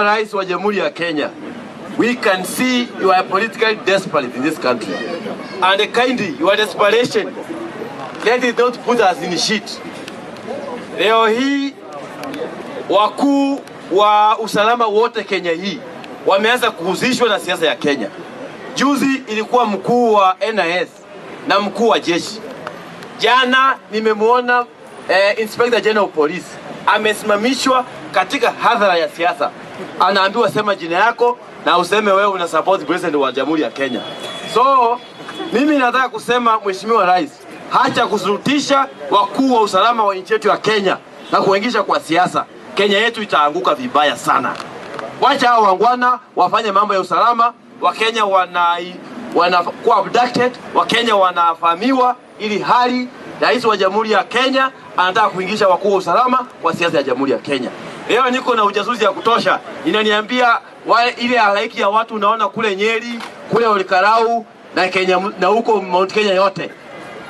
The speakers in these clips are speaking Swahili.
Rais wa Jamhuri ya Kenya, we can see you are politically desperate in this country and the kind your desperation let it not put us in shit. Leo hii wakuu wa usalama wote Kenya hii wameanza kuhusishwa na siasa ya Kenya. Juzi ilikuwa mkuu wa NIS na mkuu wa jeshi. Jana nimemwona eh, Inspector General Police amesimamishwa katika hadhara ya siasa anaambiwa sema jina yako na useme wewe una support president wa Jamhuri ya Kenya. So mimi nataka kusema Mheshimiwa Rais, hacha kusurutisha wakuu wa usalama wa nchi yetu ya Kenya na kuingisha kwa siasa. Kenya yetu itaanguka vibaya sana. Wacha hao wangwana wafanye mambo ya usalama. Wakenya wana wanakuwa abducted, Wakenya wanafahamiwa, ili hali rais wa Jamhuri ya Kenya anataka kuingisha wakuu wa usalama kwa siasa ya Jamhuri ya Kenya. Leo niko na ujasusi ya kutosha, inaniambia wale ile halaiki ya watu unaona kule Nyeri, kule Olkarau na Kenya na huko Mount Kenya yote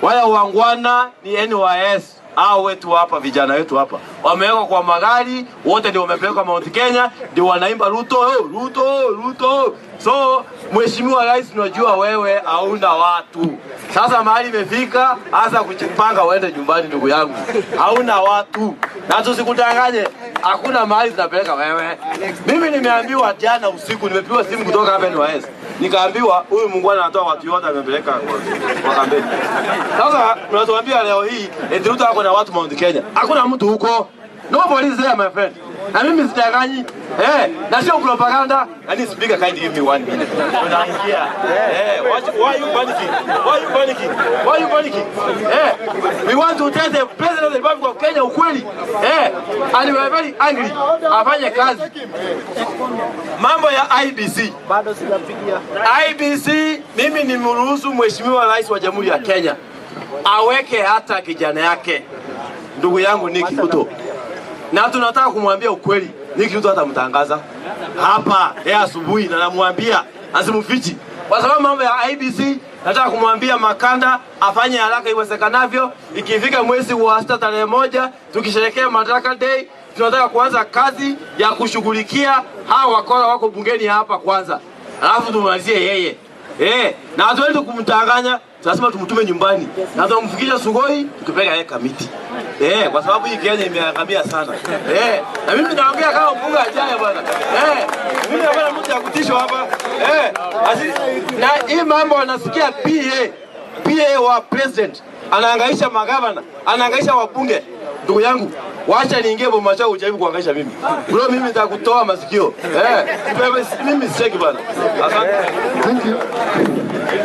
wale wangwana ni NYS au wetu hapa, vijana wetu hapa wamewekwa kwa magari, wote ndio wamepelekwa Mount Kenya, ndio wanaimba Ruto, oh, Ruto, oh, Ruto. Oh. So mheshimiwa rais, tunajua wewe hauna watu. Sasa mahali imefika hasa kujipanga uende nyumbani, ndugu yangu, hauna watu na tusikudanganye, hakuna mahali zinapeleka wewe. Mimi nimeambiwa jana usiku, nimepiwa simu kutoka hapa NYS nikaambiwa huyu mungu anatoa watu wote, amepeleka kwa Sasa mnatuambia leo hii eti Ruto ako na watu Mount Kenya, hakuna mtu huko, no police there my friend na yaani mimi sidanganyi eh, na sio propaganda. Yaani speaker kind give me one minute, unaingia eh, why you panicking? Why you panicking? Why you panicking? Eh, we want to tell the president of the Republic of Kenya ukweli eh, and we are very angry, afanye kazi. Mambo ya IBC bado sijapigia IBC. Mimi nimruhusu mheshimiwa rais wa Jamhuri ya Kenya aweke hata kijana yake ndugu yangu Nick Ruto na tunataka kumwambia ukweli. Niki mtu atamtangaza hapa leo asubuhi, na namwambia asimfichi, kwa sababu mambo ya IBC nataka kumwambia Makanda afanye haraka iwezekanavyo. Ikifika mwezi wa sita tarehe moja, tukisherekea Madaraka Day, tunataka kuanza kazi ya kushughulikia hawa wakora wako bungeni hapa kwanza, alafu tumalizie yeye eh, na hatuendi kumtanganya, Lazima tumtume nyumbani na tumfikisha Sugoi, tukipeleka yeye kamiti eh, kwa sababu hii Kenya imeangamia sana eh, na mimi naongea kama mbunge ajaye bwana eh, mimi hapana mtu ya kutisho hapa eh, asi, na hii mambo wanasikia PA PA wa president anaangaisha magavana, anaangaisha wabunge. Ndugu yangu, wacha niingie bomba cha ujaibu kuangaisha mimi. Bro, mimi nitakutoa masikio. Eh, mimi sitaki bwana. Asante. Thank you.